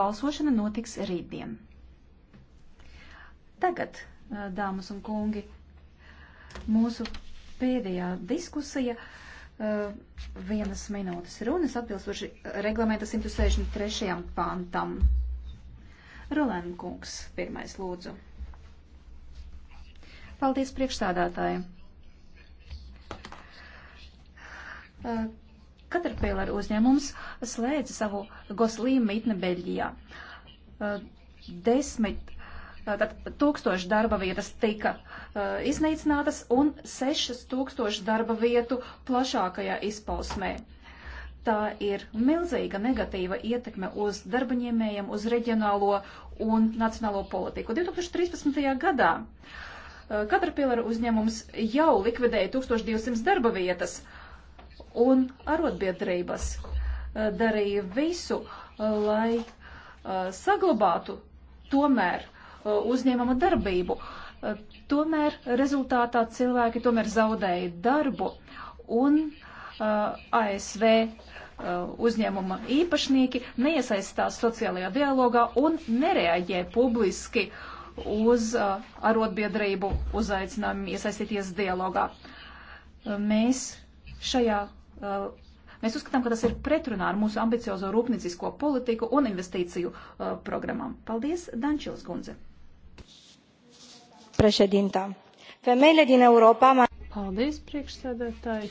Balsošana notiks rītdien. Tagad, eh, dāmas un kungi, mūsu pēdējā diskusija eh, vienas minūtes runas atbilstoši reglamenta 163. pantam. Rolēna kungs, pirmais lūdzu. Paldies priekšstādātāji. Eh, Caterpillar uzņēmums slēdza savu Goslīmu mitni Beļģijā. Desmit, tad tūkstoši darba vietas tika iznīcinātas un sešas tūkstoši darba vietu plašākajā izpausmē. Tā ir milzīga negatīva ietekme uz darbaņēmējiem, uz reģionālo un nacionālo politiku. 2013. gadā Caterpillar uzņēmums jau likvidēja 1200 darba vietas. Uh, un arotbiedrības eh, darīja visu, eh, lai eh, saglabātu tomēr uzņēmuma darbību. Tomēr rezultātā cilvēki tomēr zaudēja darbu un ASV uzņēmuma īpašnieki neiesaistās sociālajā dialogā un nereaģē publiski uz arotbiedrību uzaicinājumiem iesaistīties dialogā. Mēs šajā Uh, mēs uzskatām, ka tas ir pretrunā ar mūsu ambiciozo rūpnicisko politiku un investīciju uh, programmām. Paldies, Dančils Gundze. Prešedintā. Femeile din Europa. Man... Paldies, priekšsēdētāji.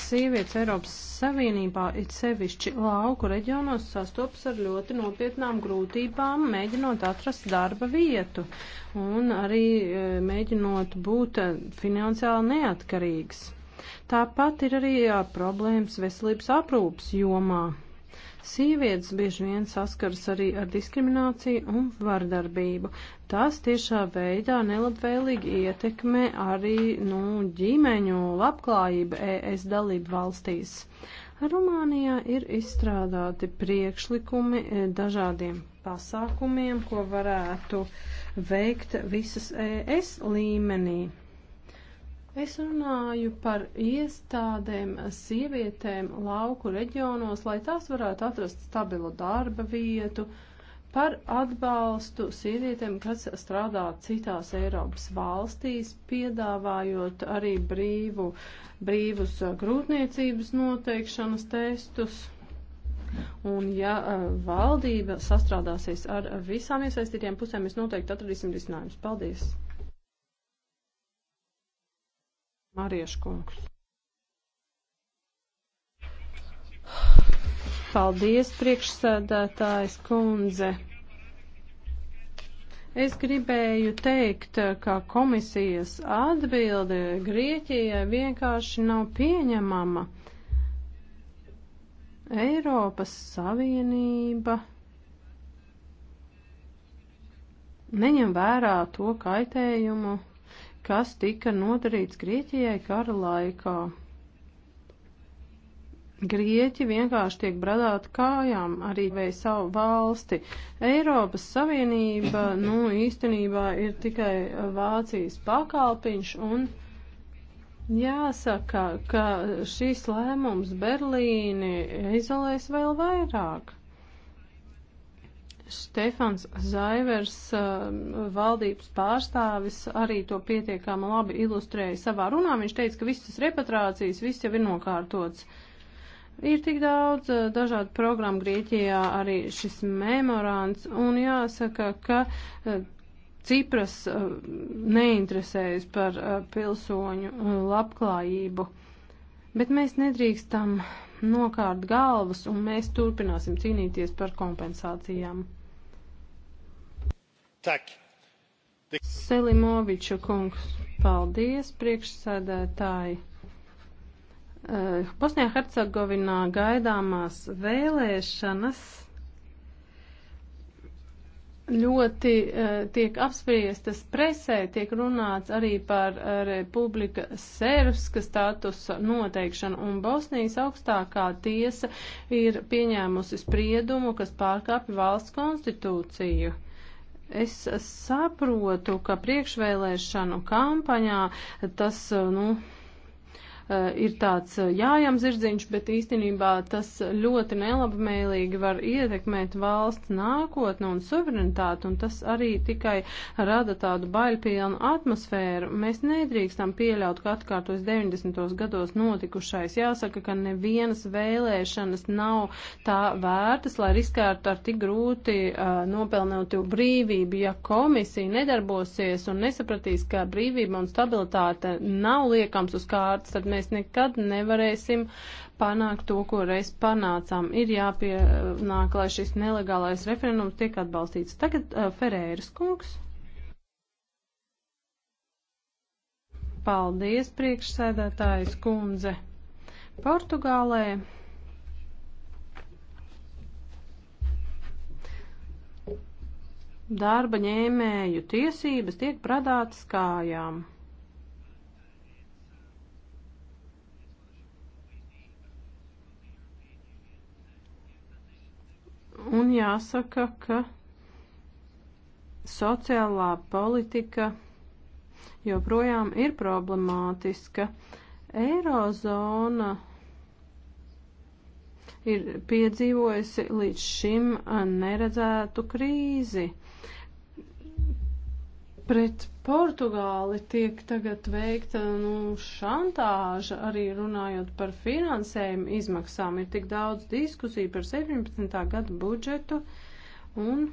Sievietes Eiropas Savienībā ir sevišķi lauku reģionos sastopas ar ļoti nopietnām grūtībām, mēģinot atrast darba vietu un arī eh, mēģinot būt eh, finansiāli neatkarīgs. Tāpat ir arī jā, problēmas veselības aprūpas jomā. Sievietes bieži vien saskaras arī ar diskrimināciju un vardarbību. Tas tiešā veidā nelabvēlīgi ietekmē arī nu, ģimeņu labklājību ES dalību valstīs. Rumānijā ir izstrādāti priekšlikumi e, dažādiem pasākumiem, ko varētu veikt visas ES līmenī. Es runāju par iestādēm sievietēm lauku reģionos, lai tās varētu atrast stabilu darba vietu, par atbalstu sievietēm, kas strādā citās Eiropas valstīs, piedāvājot arī brīvu, brīvus uh, grūtniecības noteikšanas testus. Un ja uh, valdība sastrādāsies ar visām iesaistītiem pusēm, mēs noteikti atradīsim risinājumus. Paldies! Marieša kungs. Paldies, priekšsēdētājs kundze. Es gribēju teikt, ka komisijas atbilde Grieķijai vienkārši nav pieņemama. Eiropas Savienība neņem vērā to kaitējumu, kas tika nodarīts Grieķijai kara laikā. Grieķi vienkārši tiek bradāti kājām arī vai savu valsti. Eiropas Savienība, nu, īstenībā ir tikai Vācijas pakalpiņš un jāsaka, ka šīs lēmums Berlīni izolēs vēl vairāk. Stefans Zaivers, um, valdības pārstāvis, arī to pietiekami labi ilustrēja savā runā. Viņš teica, ka visas repatriācijas, viss jau ir nokārtots. Ir tik daudz uh, dažādu programmu Grieķijā, arī šis memorāns, un jāsaka, ka uh, Cipras uh, neinteresējas par pilsoņu labklājību. Bet mēs nedrīkstam nokārt galvas, un mēs turpināsim cīnīties par kompensācijām. Selimoviča kungs, paldies, priekšsēdētāji. Eh, Bosnijā Hercegovinā gaidāmās vēlēšanas ļoti uh, tiek apspriestas presē, tiek runāts arī par uh, Republika Sērvska statusa noteikšanu, un Bosnijas augstākā tiesa ir pieņēmusi spriedumu, kas pārkāpja valsts konstitūciju. Uh, Es saprotu, ka priekšvēlēšanu kampaņā tas, nu, Eh, ir tāds eh, jājam zirdziņš, bet īstenībā tas ļoti nelabmēlīgi var ietekmēt valsts nākotnu un suverenitāti, un tas arī tikai rada tādu baļpilnu atmosfēru. Mēs nedrīkstam pieļaut, ka atkārtos 90. gados notikušais. Jāsaka, ka nevienas vēlēšanas nav tā vērtas, lai riskētu ar tik grūti uh, eh, nopelnītu brīvību, ja komisija nedarbosies un nesapratīs, ka brīvība un stabilitāte nav liekams uz kārtas, tad mēs nekad nevarēsim panākt to, ko reiz panācām. Ir jāpienāk, lai šis nelegālais referendums tiek atbalstīts. Tagad uh, Ferēras kungs. Paldies, priekšsēdētājs kundze. Portugālē darba ņēmēju tiesības tiek pradātas kājām. Un jāsaka, ka sociālā politika joprojām ir problemātiska. Eirozona ir piedzīvojusi līdz šim neredzētu krīzi. Pret Portugāli tiek tagad veikta nu, šantāža, arī runājot par finansējumu izmaksām. Ir tik daudz diskusiju par 17. gadu budžetu un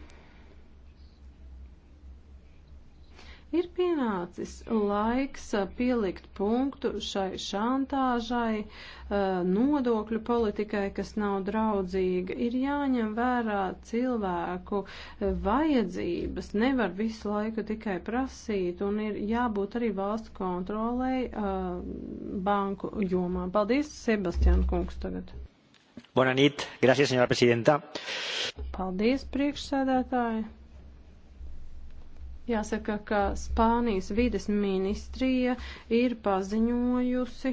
Ir pienācis laiks uh, pielikt punktu šai šantāžai, uh, nodokļu politikai, kas nav draudzīga. Ir jāņem vērā cilvēku uh, vajadzības, nevar visu laiku tikai prasīt, un ir jābūt arī valstu kontrolei banku jomā. Paldies, Sebastian Kungs, tagad. Bonanit, gracias, señora presidenta. Paldies, priekšsēdētāji. Jāsaka, ka Spānijas vides ministrija ir paziņojusi,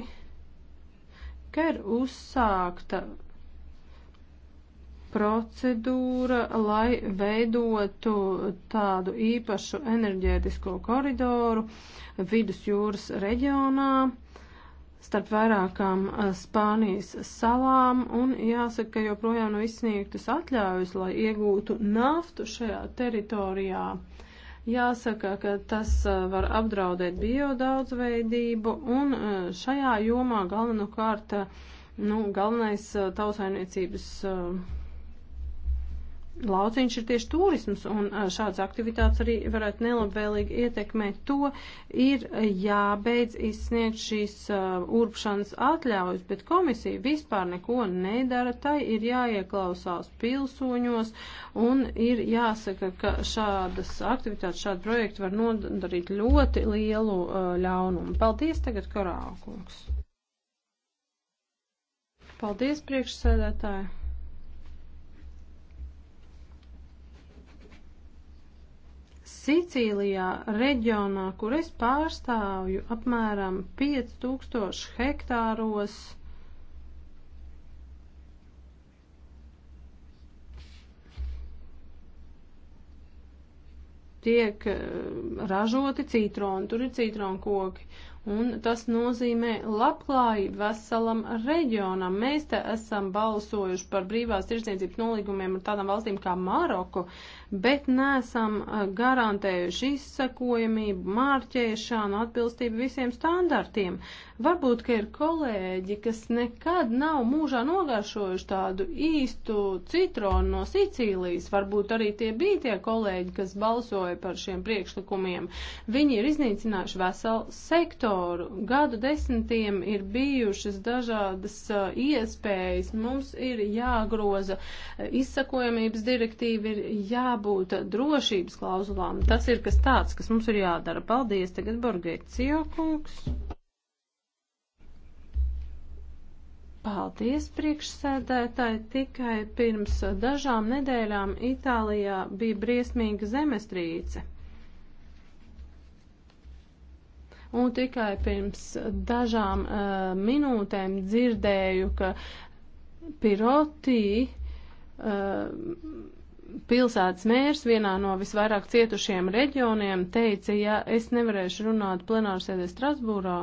ka ir uzsākta procedūra, lai veidotu tādu īpašu enerģētisko koridoru vidusjūras reģionā starp vairākām Spānijas salām un jāsaka, ka joprojām nav no izsniegtas atļaujas, lai iegūtu naftu šajā teritorijā. Uh, Jāsaka, ka tas var apdraudēt biodaudzveidību un šajā jomā galvenokārt, nu, galvenais tausainiecības lauciņš ir tieši turisms, un šādas aktivitātes arī varētu nelabvēlīgi ietekmēt to, ir jābeidz izsniegt šīs uh, urpšanas atļaujas, bet komisija vispār neko nedara, tai ir jāieklausās pilsoņos, un ir jāsaka, ka šādas aktivitātes, šādi projekti var nodarīt ļoti lielu uh, ļaunumu. Paldies tagad, Korākungs! Paldies, priekšsēdētāji! Sīcīlijā, reģionā, kur es pārstāvju, apmēram 5000 hektāros tiek eh, ražoti citroni, tur ir citronu koki un tas nozīmē labklājību veselam reģionam. Mēs te esam balsojuši par brīvās tirdzniecības nolīgumiem ar tādām valstīm kā Maroku, bet nesam eh, garantējuši izsakojamību, mārķēšanu, atbilstību visiem standartiem. Varbūt, ka ir kolēģi, kas nekad nav mūžā nogaršojuši tādu īstu citronu no Sicīlijas, varbūt arī tie bija tie kolēģi, kas balsoja par šiem priekšlikumiem. Viņi ir iznīcinājuši veselu sektoru sektoru. Gadu desmitiem ir bijušas dažādas uh, iespējas. Mums ir jāgroza izsakojamības direktīva, ir jābūt drošības klauzulām. Tas ir kas tāds, kas mums ir jādara. Paldies, tagad Borgēcijo kungs. Paldies, priekšsēdētāji! Tikai pirms dažām nedēļām Itālijā bija briesmīga zemestrīce. Un tikai pirms dažām uh, minūtēm dzirdēju, ka Pirotī uh, eh, pilsētas mērs vienā no visvairāk cietušiem reģioniem teica, ja es nevarēšu runāt plenārsēdē Strasbūrā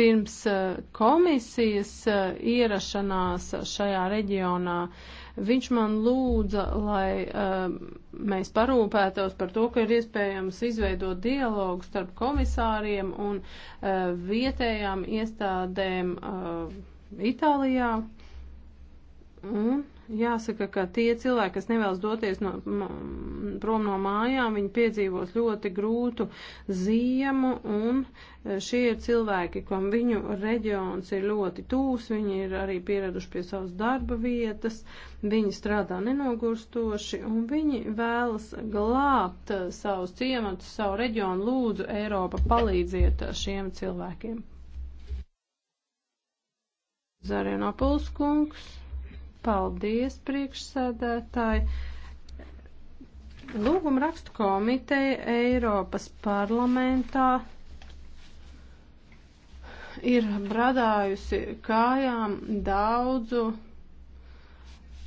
pirms eh, komisijas ierašanās šajā reģionā, uh, Viņš man lūdza, lai um, mēs parūpētos par to, ka ir iespējams izveidot dialogu starp komisāriem un uh, vietējām iestādēm uh, Itālijā. Un, uh, Jāsaka, ka tie cilvēki, kas nevēlas doties no, prom no mājām, viņi piedzīvos ļoti grūtu ziemu, un e, šie ir cilvēki, kam viņu reģions ir ļoti tūs, viņi ir arī pieraduši pie savas darba vietas, viņi strādā nenogurstoši, un viņi vēlas glābt e, savus ciematus, savu reģionu. Lūdzu, Eiropa, palīdziet e, šiem cilvēkiem. Zarienopulskungs. Paldies, priekšsēdētāji. Lūguma rakstu komiteja Eiropas parlamentā ir bradājusi kājām daudzu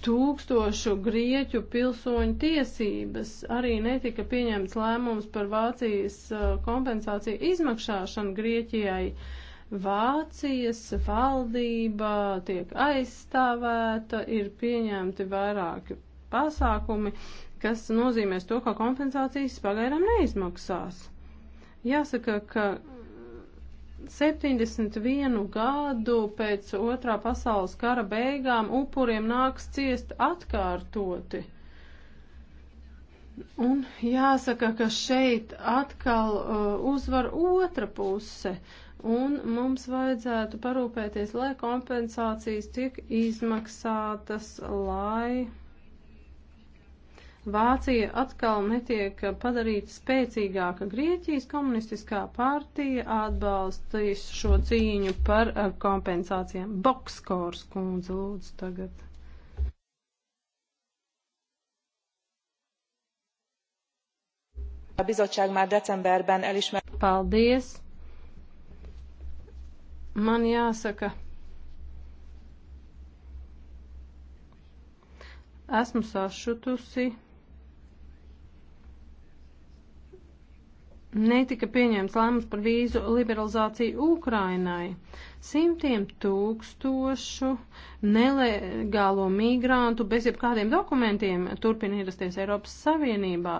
tūkstošu grieķu pilsoņu tiesības. Arī netika pieņemts lēmums par Vācijas uh, kompensāciju izmaksāšanu Grieķijai. Uh, Vācijas valdība tiek aizstāvēta, ir pieņemti vairāki pasākumi, kas nozīmēs to, ka kompensācijas pagaidām neizmaksās. Jāsaka, ka 71 gadu pēc otrā pasaules kara beigām upuriem nāks ciest atkārtoti. Un jāsaka, ka šeit atkal uh, uzvar otra puse. Uh, un mums vajadzētu parūpēties, lai kompensācijas tiek izmaksātas, lai Vācija atkal netiek padarīta spēcīgāka. Grieķijas komunistiskā partija atbalstīs šo cīņu par eh, kompensācijām. Bokskors kundze lūdzu tagad. A bizottság már decemberben elismerte. Paldies! man jāsaka, esmu sašutusi. Netika pieņemts lēmums par vīzu liberalizāciju Ukrainai. Simtiem tūkstošu nelegālo migrantu bez jebkādiem dokumentiem turpina ierasties Eiropas Savienībā,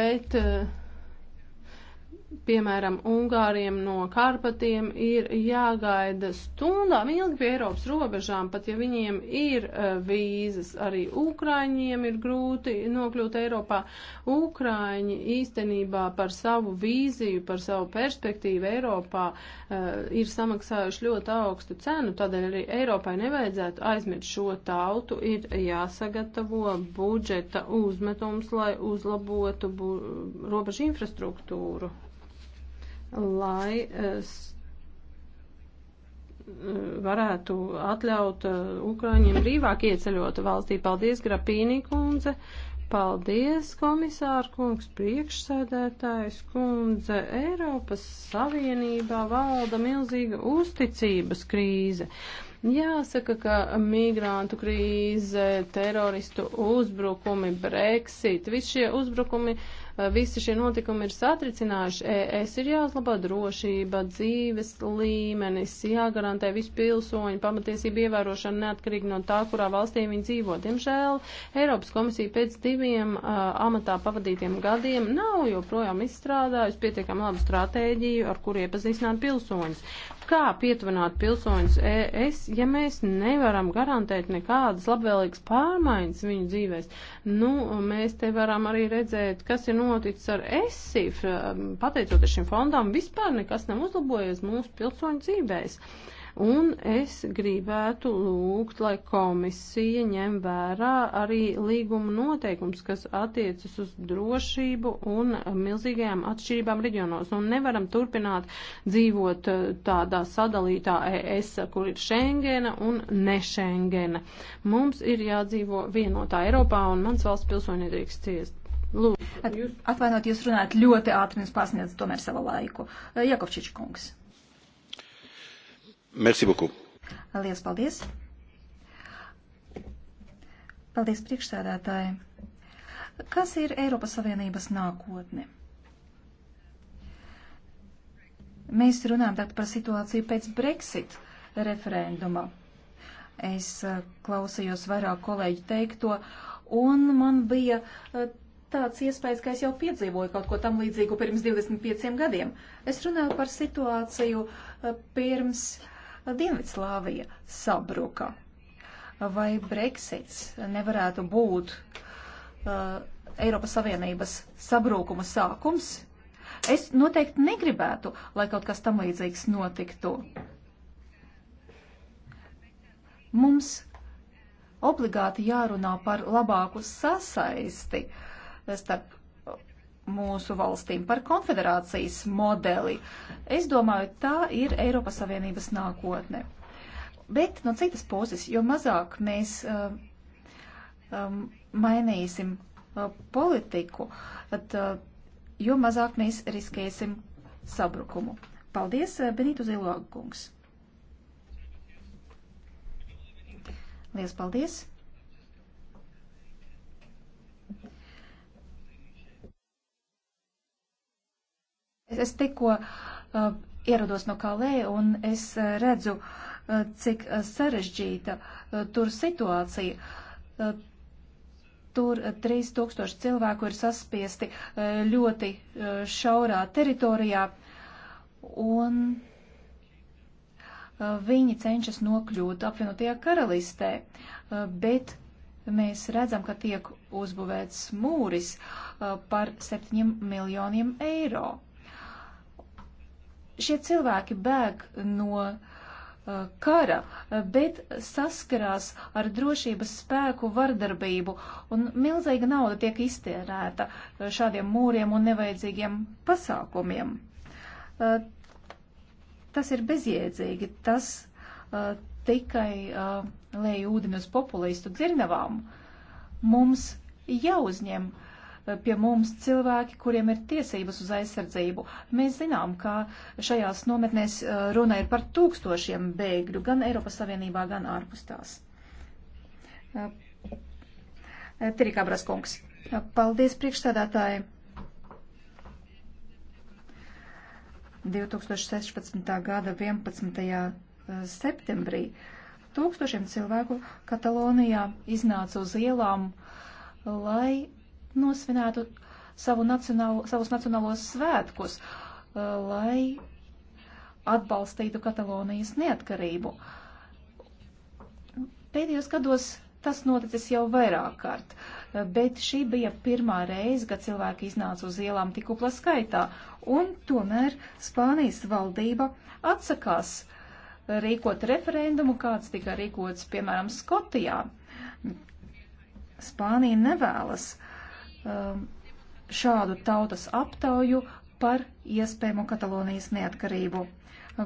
bet uh, piemēram, Ungāriem no Karpatiem ir jāgaida stundām ilgi pie Eiropas robežām, pat ja viņiem ir uh, vīzas, arī Ukraiņiem ir grūti nokļūt Eiropā. Ukraiņi īstenībā par savu vīziju, par savu perspektīvu Eiropā uh, ir samaksājuši ļoti augstu cenu, tādēļ arī Eiropai nevajadzētu aizmirst šo tautu, ir jāsagatavo budžeta uzmetums, lai uzlabotu bu robežu infrastruktūru lai eh, eh, varētu atļaut eh, Ukraiņiem brīvāk ieceļot valstī. Paldies, Grapīnī kundze! Paldies, komisāra kungs, priekšsēdētājs kundze. Eiropas Savienībā valda milzīga uzticības krīze. Jāsaka, ka migrantu krīze, teroristu uzbrukumi, Brexit, visi šie uzbrukumi uh, Eh, visi šie notikumi ir satricinājuši. ES ir jāuzlabo drošība, dzīves līmenis, jāgarantē visu pilsoņu pamatiesību ievērošana neatkarīgi no tā, kurā valstī viņi dzīvo. Diemžēl Eiropas komisija pēc diviem uh, amatā pavadītiem gadiem nav joprojām izstrādājusi pietiekam labu stratēģiju, ar kur iepazīstināt pilsoņus. Kā pietuvināt pilsoņus ES, ja mēs nevaram garantēt nekādas labvēlīgas pārmaiņas viņu dzīvēs? Nu, mēs te varam arī redzēt, kas ir noticis ar ESIF. Um, pateicoties šim fondam, vispār nekas nav uzlabojies mūsu pilsoņu dzīvēs. Uh, Un es gribētu lūgt, lai komisija ņem vērā arī līguma noteikums, kas attiecas uz drošību un milzīgajām atšķirībām reģionos. Un nevaram turpināt dzīvot eh, tādā sadalītā ES, kur ir Schengena un ne Schengena. Mums ir jādzīvo vienotā Eiropā, un mans valsts pilsoņi nedrīkst ciest. Lūdzu, At, jūs... atvainojiet, jūs runājat ļoti ātri un es pasniedzu tomēr savu laiku. Eh, Jakovčič kungs. Merci beaucoup. Lielas paldies. Paldies priekšsēdētāji. Kas ir Eiropas Savienības nākotne? Mēs runājam tagad par situāciju pēc Brexit referenduma. Es eh, klausījos vairāk kolēģu teikto, un man bija eh, tāds iespējas, ka es jau piedzīvoju kaut ko tam līdzīgu pirms 25 gadiem. Es runāju par situāciju eh, pirms Dienvidslāvija sabruka. Vai Brexits nevarētu būt uh, Eiropas Savienības sabrūkuma sākums? Es noteikti negribētu, lai kaut kas tam līdzīgs notiktu. Mums obligāti jārunā par labāku sasaisti starp mūsu valstīm par konfederācijas modeli. Es domāju, tā ir Eiropas Savienības nākotne. Bet no citas puses, jo mazāk mēs uh, um, mainīsim uh, politiku, tad, uh, jo mazāk mēs riskēsim sabrukumu. Paldies, uh, Benītu Zilogungs. Lielas paldies! Es tikko uh, ierados no Kalē un es uh, redzu, uh, cik uh, sarežģīta uh, tur situācija. Uh, Tur 3000 uh, cilvēku ir saspiesti uh, ļoti uh, šaurā teritorijā, un viņi cenšas nokļūt apvienotajā karalistē, bet mēs redzam, ka tiek uzbūvēts mūris par 7 miljoniem eiro. Šie cilvēki bēg no uh, kara, bet saskarās ar drošības spēku vardarbību, un milzīga nauda tiek iztērēta uh, šādiem mūriem un nevajadzīgiem pasākumiem. Uh, tas ir bezjēdzīgi, tas tikai lēja ūdeni uz populistu dzirnavām. Mums jāuzņem uh, Eh, pie mums cilvēki, kuriem ir tiesības uz aizsardzību. Mēs zinām, ka šajās nometnēs eh, runa ir par tūkstošiem bēgļu gan Eiropas Savienībā, gan ārpus tās. Eh, Tirikābras kungs. Paldies priekšstādātāji. 2016. gada 11. septembrī tūkstošiem cilvēku Katalonijā iznāca uz ielām, lai nosvinētu savu nacionālo, savus nacionālos svētkus, lai atbalstītu Katalonijas neatkarību. Pēdējos gados tas noticis jau vairāk kārt, bet šī bija pirmā reize, kad cilvēki iznāca uz ielām tik upla skaitā, un tomēr Spānijas valdība atsakās rīkot referendumu, kāds tika rīkots, piemēram, Skotijā. Spānija nevēlas uh, Um, šādu tautas aptauju par iespējamo Katalonijas neatkarību.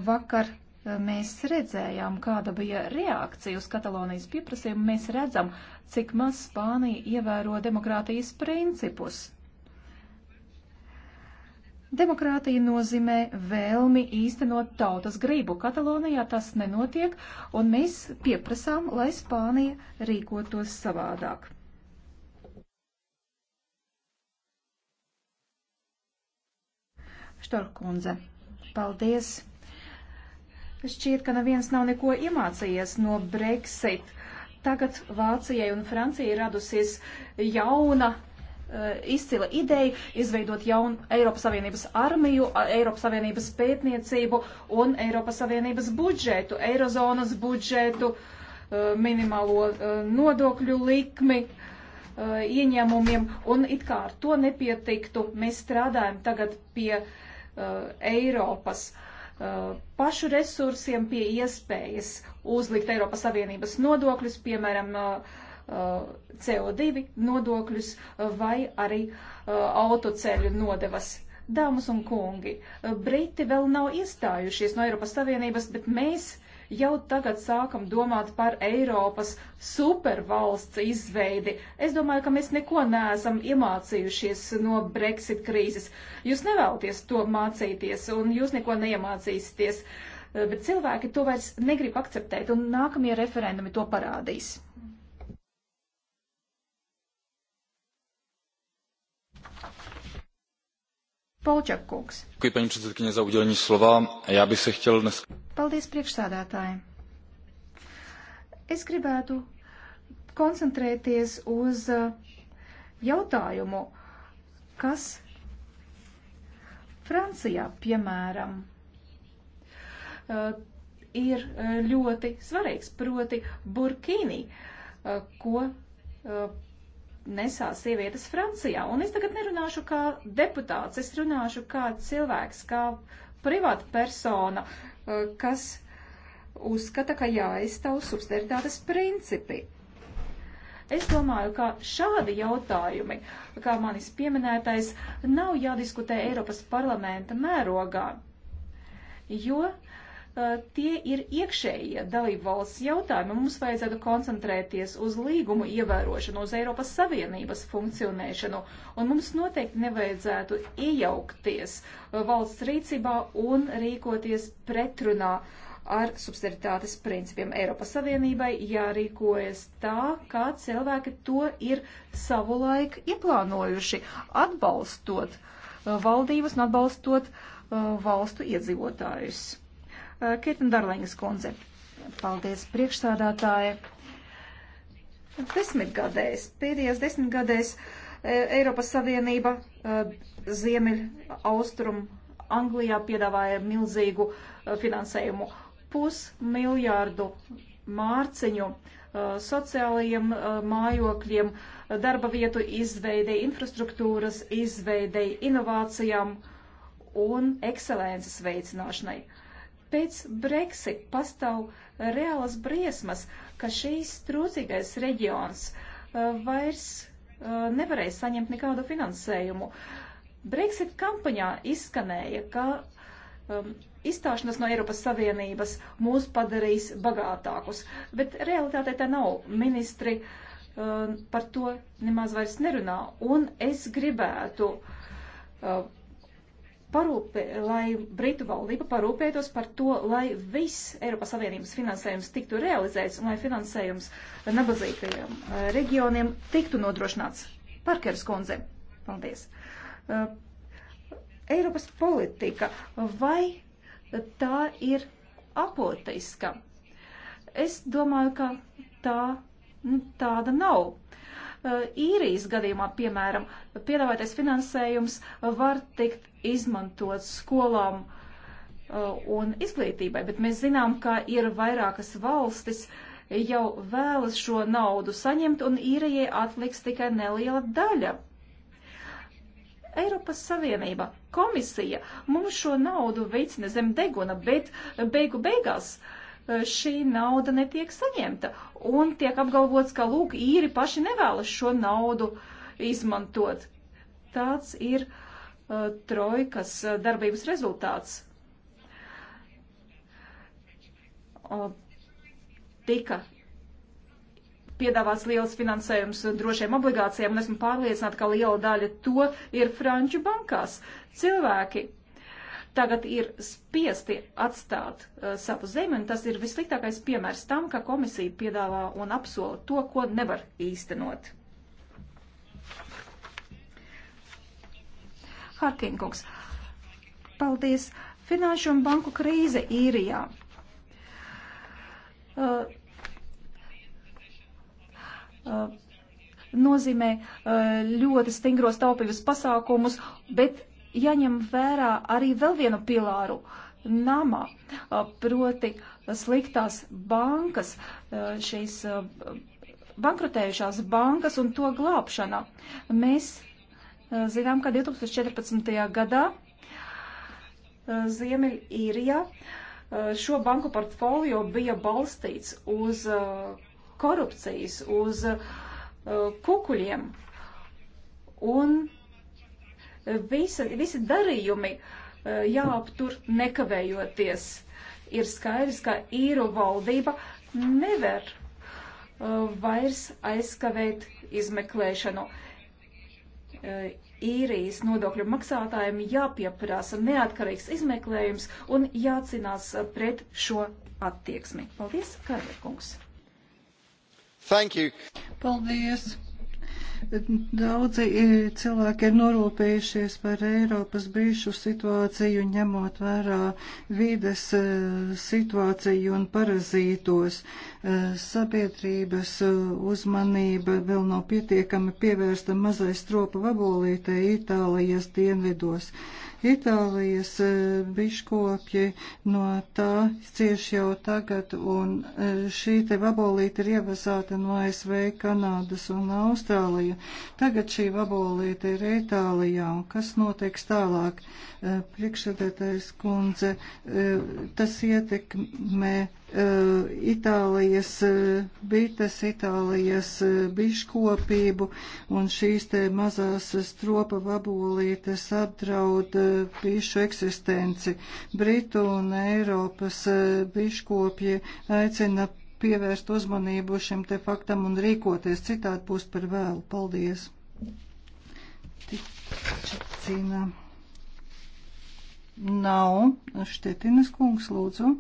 Vakar uh, mēs redzējām, kāda bija reakcija uz Katalonijas pieprasījumu. Mēs redzam, cik maz Spānija ievēro demokrātijas principus. Demokrātija nozīmē vēlmi īstenot tautas gribu. Katalonijā tas nenotiek, un mēs pieprasām, lai Spānija rīkotos savādāk. Štorkundze. Paldies! Šķiet, ka neviens nav neko iemācījies no Brexit. Tagad Vācijai un Francijai radusies jauna eh, izcila ideja izveidot jaunu Eiropas Savienības armiju, Eiropas Savienības pētniecību un Eiropas Savienības budžetu, Eirozonas budžetu, eh, minimālo eh, nodokļu likmi ieņēmumiem, un it kā ar to nepietiktu, mēs strādājam tagad pie uh, Eh, Eiropas eh, pašu resursiem pie iespējas uzlikt Eiropas Savienības nodokļus, piemēram, eh, CO2 nodokļus vai arī autoceļu nodevas. Dāmas un kungi, Briti vēl nav iestājušies no Eiropas Savienības, bet mēs jau tagad sākam domāt par Eiropas supervalsts izveidi. Es domāju, ka mēs neko neesam iemācījušies no Brexit krīzes. Jūs nevēlaties to mācīties un jūs neko neiemācīsieties. Bet cilvēki to vairs negrib akceptēt, un nākamie referendumi to parādīs. paní předsedající já bych se chtěl dnes. Paldies priekšsādātāji. Es gribētu koncentrēties uz uh, jautājumu, kas Francijā, piemēram, uh, ir uh, ļoti svarīgs, proti burkīni, ko nesā sievietes Francijā. Un es tagad nerunāšu kā deputāts, es runāšu kā cilvēks, kā privāta persona, Eh, kas uzskata, ka jāizstāv subsidiaritātes principi. Es domāju, ka šādi jautājumi, kā manis pieminētais, nav jādiskutē Eiropas parlamenta mērogā, jo tie ir iekšējie dalību valsts jautājumi. Mums vajadzētu koncentrēties uz līgumu ievērošanu, uz Eiropas Savienības funkcionēšanu, un mums noteikti nevajadzētu iejaukties valsts rīcībā un rīkoties pretrunā ar subsidiaritātes principiem. Eiropas Savienībai jārīkojas tā, kā cilvēki to ir savulaik ieplānojuši, atbalstot valdības un atbalstot valstu iedzīvotājus. Eh, Kirtna Darlingas kundze. Paldies, priekšsādātāji. Desmitgadēs, pēdējās desmitgadēs eh, Eiropas Savienība eh, Ziemeļ Austrum Anglijā piedāvāja milzīgu finansējumu pusmiljārdu mārciņu sociālajiem mājokļiem, darba vietu izveidei, infrastruktūras izveidei, inovācijām un ekscelences veicināšanai. Uh, Pēc Brexit pastāv reālas briesmas, ka šīs trūcīgais reģions uh, vairs uh, nevarēs saņemt nekādu finansējumu. Brexit kampaņā izskanēja, ka um, izstāšanās no Eiropas Savienības mūs padarīs bagātākus, bet realitātē tā nav. Ministri um, par to nemaz vairs nerunā, un es gribētu uh, parūpē, lai Britu valdība parūpētos par to, lai viss Eiropas Savienības finansējums tiktu realizēts un lai finansējums nabadzīgajiem eh, reģioniem tiktu nodrošināts. Parkers kundze, paldies. Eh, Eiropas politika, vai tā ir apotiska? Es domāju, ka tā nu, tāda nav. Eh, īrijas gadījumā, piemēram, piedāvātais finansējums var tikt izmantot skolām eh, un izglītībai, bet mēs zinām, ka ir vairākas valstis jau vēlas šo naudu saņemt, un īrijai atliks tikai neliela daļa. Eiropas Savienība, komisija mums šo naudu veicina zem deguna, bet beigu beigās uh, Eh, šī nauda netiek saņemta. Un tiek apgalvots, ka lūk, īri paši nevēlas šo naudu izmantot. Tāds ir uh, trojkas eh, darbības rezultāts. Uh, tika piedāvāts liels finansējums drošiem obligācijām, un esmu pārliecināta, ka liela daļa to ir franču bankās. Cilvēki, tagad ir spiesti atstāt uh, savu zemi, un tas ir vissliktākais piemērs tam, ka komisija piedāvā un apsola to, ko nevar īstenot. Harkinkungs, paldies. Finanšu un banku krīze īrijā. Uh, uh, nozīmē uh, ļoti stingros taupības pasākumus, bet jāņem vērā arī vēl vienu pilāru - nama, proti sliktās bankas, šīs bankrotējušās bankas un to glābšana. Mēs zinām, ka 2014. gadā Ziemeļīrijā šo banku portfolio bija balstīts uz korupcijas, uz kukuļiem. Un visa, visi darījumi e, jāaptur nekavējoties. Ir skaidrs, ka īru valdība nevar e, vairs aizskavēt izmeklēšanu. E, īrijas nodokļu maksātājiem jāpieprasa neatkarīgs izmeklējums un jācinās pret šo attieksmi. Paldies, Karvekungs! Thank you! Paldies! Daudzi e, cilvēki ir norūpējušies par Eiropas brīšu situāciju, ņemot vērā vides e, situāciju un parazītos. E, sabiedrības uzmanība vēl nav pietiekami pievērsta mazai stropa vabolītei Itālijas dienvidos. Itālijas e, biškopji no tā cieš jau tagad, un e, šī te vabolīte ir ievazāta no ASV, Kanādas un Austrālija. Tagad šī vabolīte ir Itālijā, un kas notiks tālāk? E, priekšsēdētājs kundze, tas ietekmē Eh, Itālijas eh, bites, Itālijas eh, biškopību un šīs te mazās stropa vabolītes apdraud bišu eksistenci. Britu un Eiropas biškopji aicina pievērst uzmanību šim te faktam un rīkoties, citādi būs par vēlu. Paldies! Tikčicina. Nav. Štetinas kungs, lūdzu.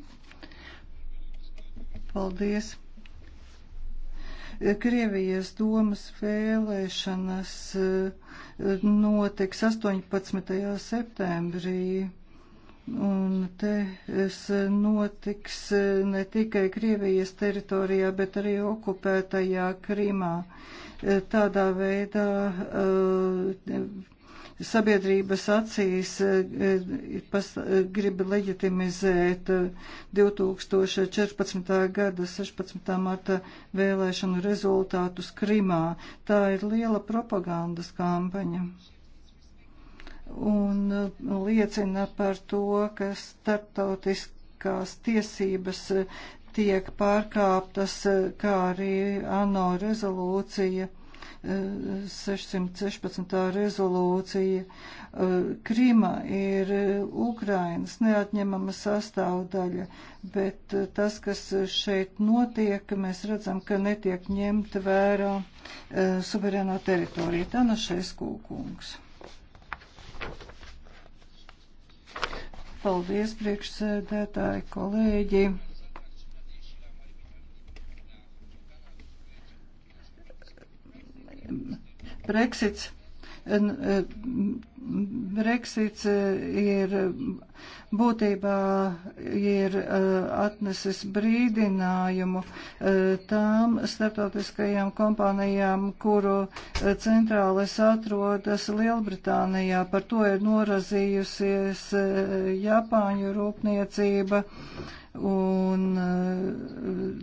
Paldies! Krievijas domas vēlēšanas eh, notiks 18. septembrī. Un te es eh, notiks eh, ne tikai Krievijas teritorijā, bet arī okupētajā Krimā. Tādā veidā uh, sabiedrības acīs e, e, e, grib leģitimizēt 2014. gada 16. marta vēlēšanu rezultātus Krimā. Tā ir liela propagandas kampaņa un liecina par to, ka starptautiskās tiesības tiek pārkāptas, kā arī ANO rezolūcija 616. rezolūcija. Krima ir Ukrainas neatņemama sastāvdaļa, bet tas, kas šeit notiek, mēs redzam, ka netiek ņemta vērā e, suverēnā teritorija. Tā no šeis kūkungs. Paldies, priekšsēdētāji, kolēģi! Brexits Brexits eh, ir būtībā ir eh, atnesis brīdinājumu eh, tām starptautiskajām kompānijām, kuru centrālis atrodas Lielbritānijā. Par to ir norazījusies Japāņu rūpniecība un uh,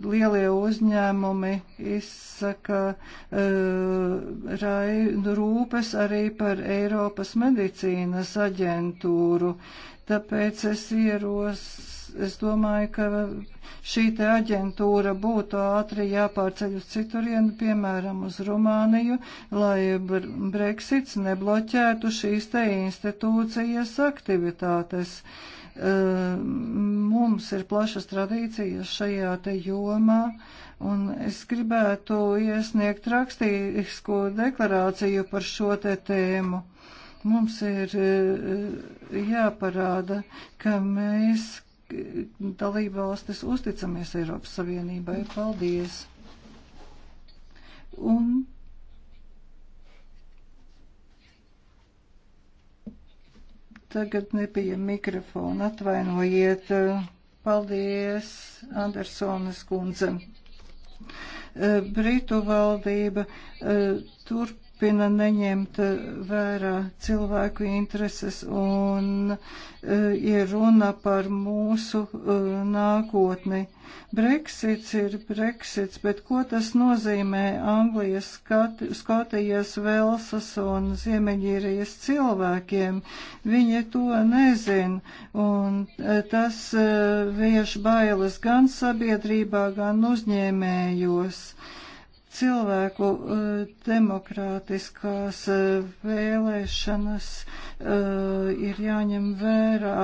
lielie uzņēmumi izsaka uh, rai, rūpes arī par Eiropas medicīnu medicīnas aģentūru. Tāpēc es ieros, es domāju, ka šī te aģentūra būtu ātri jāpārceļ uz citurienu, piemēram, uz Rumāniju, lai Brexits nebloķētu šīs te institūcijas aktivitātes mums ir plašas tradīcijas šajā te jomā, un es gribētu iesniegt rakstīsku deklarāciju par šo te tēmu. Mums ir eh, jāparāda, ka mēs eh, dalībvalstis uzticamies Eiropas Savienībai. Paldies! Un tagad nebija mikrofona, atvainojiet. Paldies, Andersonas kundze. Eh, Britu valdība turp turpina neņemt eh, vērā cilvēku intereses un eh, ir runa par mūsu eh, nākotni. Brexits ir Brexits, bet ko tas nozīmē Anglijas, Skot Skotijas, Velsas un Ziemeļīrijas cilvēkiem? Viņi to nezin, un tas vieš bailes gan sabiedrībā, gan uzņēmējos. Uh, cilvēku eh, demokrātiskās eh, vēlēšanas Eh, ir jāņem vērā,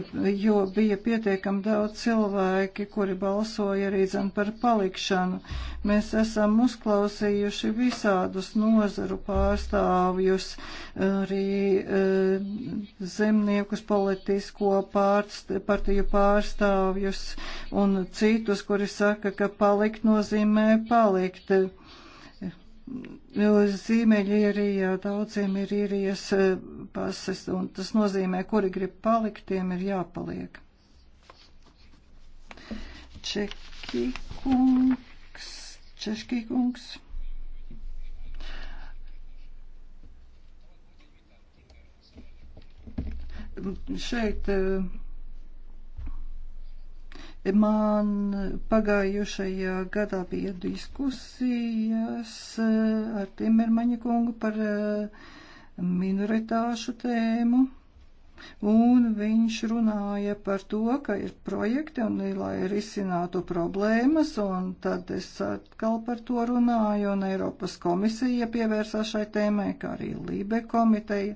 eh, jo bija pietiekami daudz cilvēki, kuri balsoja arī zem par palikšanu. Mēs esam uzklausījuši visādus nozaru pārstāvjus, arī eh, zemniekus, politisko pārst, partiju pārstāvjus un citus, kuri saka, ka palikt nozīmē palikt. Ziemeļa īrijā daudziem ir īrijas e, pases, un tas nozīmē, kuri grib palikt, tiem ir jāpaliek. Čeki kungs, Češkī kungs. Šeit uh, Man pagājušajā gadā bija diskusijas eh, ar Timermaņa kungu par eh, minoritāšu tēmu un viņš runāja par to, ka ir projekti un lai risinātu problēmas, un tad es atkal par to runāju, un Eiropas komisija pievērsās šai tēmai, kā arī Lībe komiteja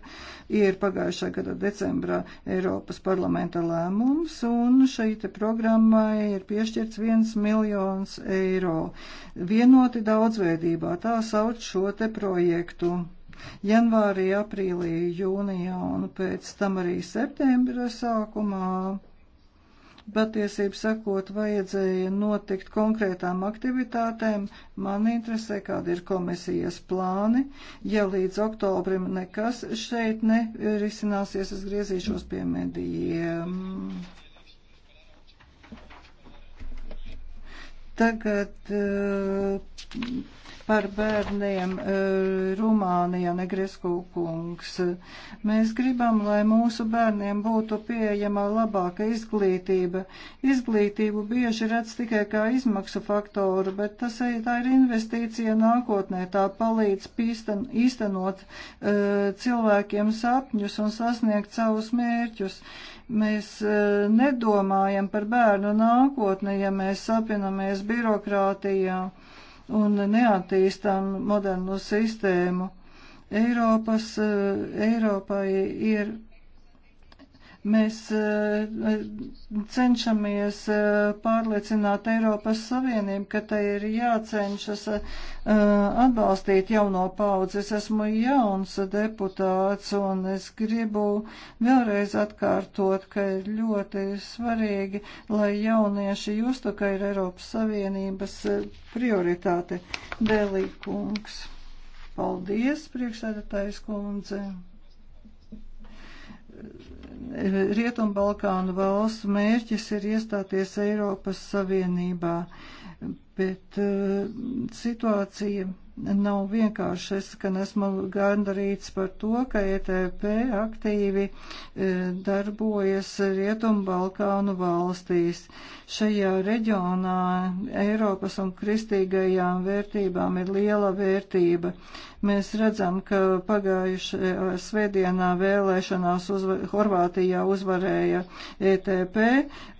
ir pagājušā gada decembrā Eiropas parlamenta lēmums, un šai te programmai ir piešķirts viens miljons eiro. Vienoti daudzveidībā tā sauc šo te projektu janvārī, aprīlī, jūnijā un pēc tam arī septembra sākumā. Patiesību sakot, vajadzēja notikt konkrētām aktivitātēm. Man interesē, kādi ir komisijas plāni. Ja līdz oktobrim nekas šeit nerisināsies, es griezīšos pie medijiem. Tagad. Uh, par bērniem e, Rumānijā, Negresku kungs. Mēs gribam, lai mūsu bērniem būtu pieejama labāka izglītība. Izglītību bieži redz tikai kā izmaksu faktoru, bet tas e, tā ir investīcija nākotnē. Tā palīdz pīsten, īstenot e, cilvēkiem sapņus un sasniegt savus mērķus mēs nedomājam par bērnu nākotni, ja mēs sapinamies birokrātijā un neattīstam modernu sistēmu. Eiropas, eh, Eiropai ir Mēs eh, cenšamies eh, pārliecināt Eiropas Savienību, ka tai ir jācenšas eh, atbalstīt jauno paudzi. Es esmu jauns deputāts un es gribu vēlreiz atkārtot, ka ir ļoti svarīgi, lai jaunieši justu, ka ir Eiropas Savienības prioritāte. Delī kungs. Paldies, priekšsēdētājs kundze. Rietumbalkānu valstu mērķis ir iestāties Eiropas Savienībā, bet eh, situācija nav vienkārši. Es gan esmu gandarīts par to, ka ETP aktīvi e, darbojas Rietumbalkānu valstīs. Šajā reģionā Eiropas un kristīgajām vērtībām ir liela vērtība. Mēs redzam, ka pagājušajā svētdienā vēlēšanās uzva Horvātijā uzvarēja ETP,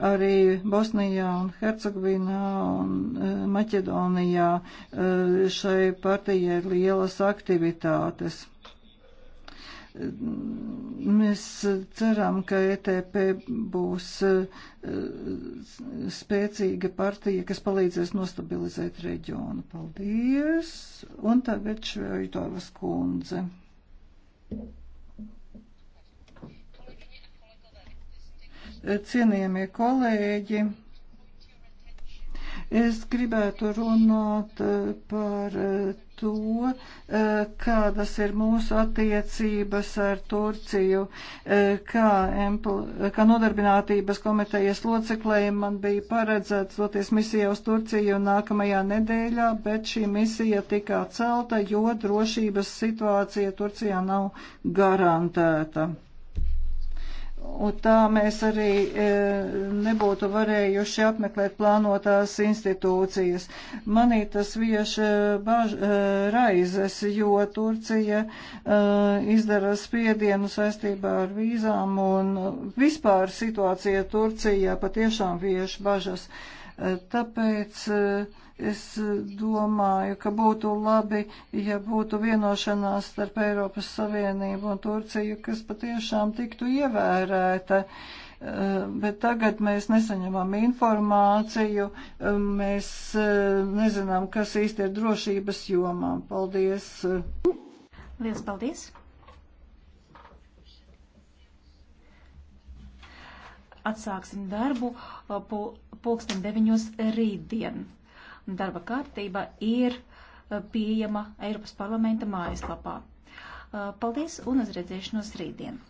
arī Bosnijā un Hercegovinā un e, Maķedonijā e, šai par partijai ir lielas aktivitātes. Mēs ceram, ka ETP būs eh, spēcīga partija, kas palīdzēs nostabilizēt reģionu. Paldies! Un tagad Šveitovas kundze. Cienījamie kolēģi! Es gribētu runāt eh, par eh, to, eh, kādas ir mūsu attiecības ar Turciju, kā, empl, kā nodarbinātības komitejas loceklei man bija paredzēts doties misijā uz Turciju nākamajā nedēļā, bet šī misija tika celta, jo drošības situācija Turcijā nav garantēta. Un tā mēs arī e, nebūtu varējuši apmeklēt plānotās institūcijas. Manī tas vieš e, baž, e, raizes, jo Turcija izdara spiedienu saistībā ar vīzām un vispār situācija Turcijā patiešām vieš bažas. Tāpēc Es eh, domāju, ka būtu labi, ja būtu vienošanās starp Eiropas Savienību un Turciju, kas patiešām tiktu ievērēta eh, bet tagad mēs nesaņemam informāciju, eh, mēs nezinām, kas īsti ir drošības jomā. Paldies! Lielas paldies! Atsāksim darbu pulksten deviņos rītdien darba kārtība ir eh, pieejama Eiropas parlamenta mājaslapā. Eh, paldies un uz redzēšanos rītdien!